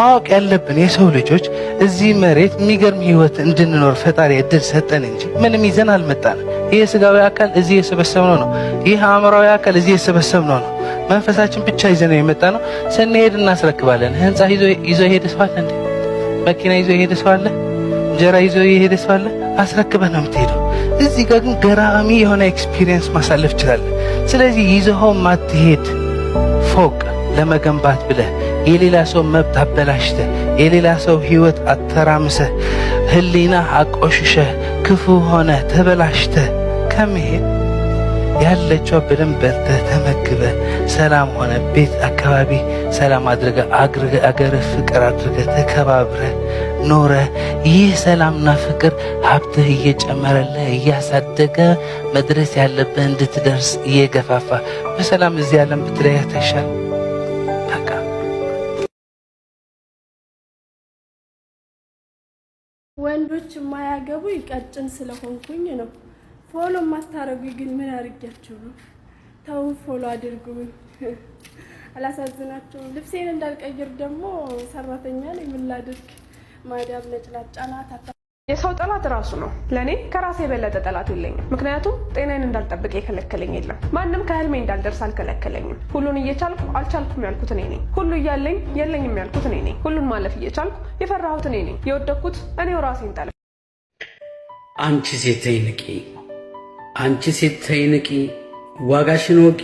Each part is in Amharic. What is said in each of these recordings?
ማወቅ ያለብን የሰው ልጆች እዚህ መሬት የሚገርም ህይወት እንድንኖር ፈጣሪ እድል ሰጠን እንጂ ምንም ይዘን አልመጣንም። ይህ ስጋዊ አካል እዚህ የሰበሰብነው ነው። ይህ አእምራዊ አካል እዚህ የሰበሰብነው ነው። መንፈሳችን ብቻ ይዘነው የመጣ ነው። ስንሄድ እናስረክባለን። ህንፃ ይዞ የሄደ ሰው አለ? መኪና ይዞ የሄደ ሰው አለ? እንጀራ ይዞ የሄደ ሰው አለ? ነው የምትሄደው። እዚህ ጋር ግን ገራሚ የሆነ ኤክስፒሪየንስ ማሳለፍ ይችላለን። ስለዚህ ይዘኸው ማትሄድ ፎቅ ለመገንባት ብለህ የሌላ ሰው መብት አበላሽተ የሌላ ሰው ህይወት አተራምሰ ህሊና አቆሽሸ ክፉ ሆነ ተበላሽተ ከመሄድ ያለችው በደንብ በልተ ተመግበ ሰላም ሆነ ቤት አካባቢ ሰላም አግርገ አገር ፍቅር አድርገ ተከባብረ ኖረ ይህ ሰላምና ፍቅር ሀብትህ እየጨመረለ እያሳደገ መድረስ ያለብህ እንድትደርስ እየገፋፋ በሰላም እዚህ ዓለም ብትለያት አታውቅም። ወንዶች የማያገቡ ቀጭን ስለሆንኩኝ ነው። ፎሎ የማታረጉኝ ግን ምን አድርጊያቸው ነው? ተው ፎሎ አድርጉኝ። አላሳዝናቸውም። ልብሴን እንዳልቀይር ደግሞ ሰራተኛ ነኝ። ምን ላድርግ? ማዳብ ነጭላጫ ናት። የሰው ጠላት ራሱ ነው። ለእኔ ከራሴ የበለጠ ጠላት የለኝም። ምክንያቱም ጤናዬን እንዳልጠብቅ የከለከለኝ የለም። ማንም ከህልሜ እንዳልደርስ አልከለከለኝም። ሁሉን እየቻልኩ አልቻልኩም ያልኩት እኔ ነኝ። ሁሉ እያለኝ የለኝም ያልኩት እኔ ነኝ። ሁሉን ማለፍ እየቻልኩ የፈራሁት እኔ ነኝ። የወደኩት እኔው ራሴን ጠለ አንቺ ሴት ተይንቂ፣ አንቺ ሴት ተይንቂ፣ ዋጋሽን ወቂ።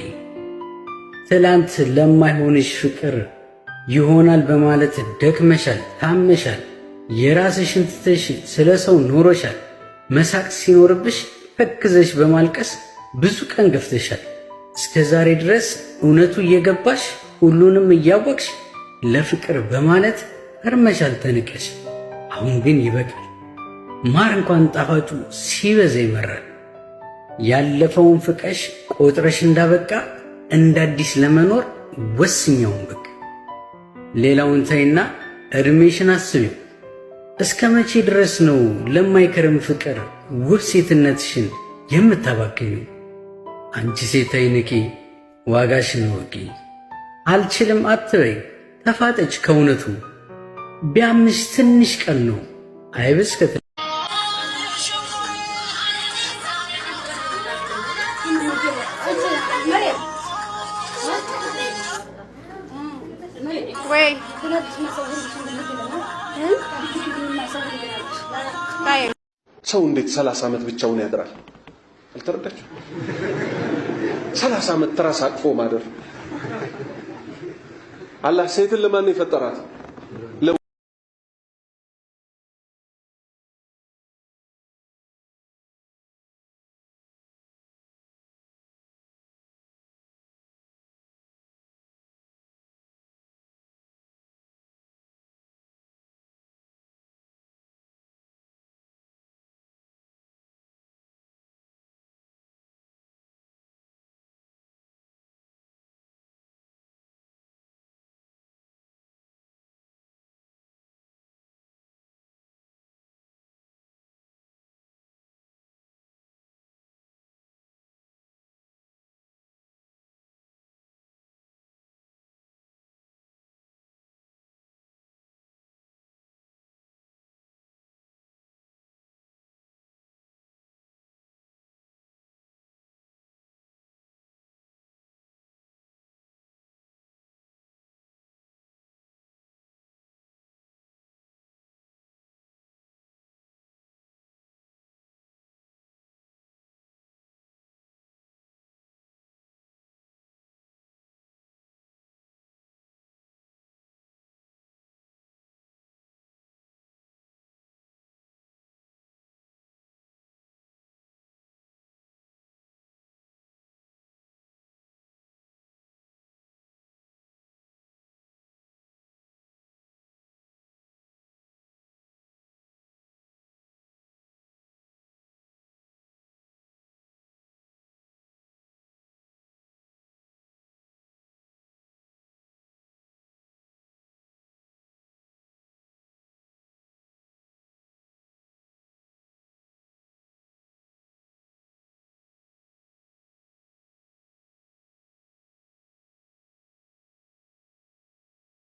ትላንት ለማይሆንሽ ፍቅር ይሆናል በማለት ደክመሻል፣ ታመሻል። የራስሽን ትተሽ ስለ ሰው ኖሮሻል። መሳቅ ሲኖርብሽ ተክዘሽ በማልቀስ ብዙ ቀን ገፍተሻል። እስከ ዛሬ ድረስ እውነቱ እየገባሽ ሁሉንም እያወቅሽ ለፍቅር በማለት እርመሻል ተንቀሽ። አሁን ግን ይበቃል። ማር እንኳን ጣፋጩ ሲበዛ ይመራል። ያለፈውን ፍቀሽ ቆጥረሽ እንዳበቃ እንዳዲስ ለመኖር ወስኛውን በቅ ሌላውን ታይና እድሜሽን አስቢው። እስከ መቼ ድረስ ነው ለማይከርም ፍቅር ውብ ሴትነትሽን የምታባክኙ? አንቺ ሴት አይንቂ፣ ዋጋሽን ወቂ። አልችልም አትበይ፣ ተፋጠች ከእውነቱ ቢያምሽ ትንሽ ቀን ነው አይብስ ወይ ሰው እንዴት ሰላሳ ዓመት ብቻውን ያድራል? አልተረዳችሁ? ሰላሳ ዓመት ትራስ አቅፎ ማደር። አላህ ሴትን ለማን ነው የፈጠራት?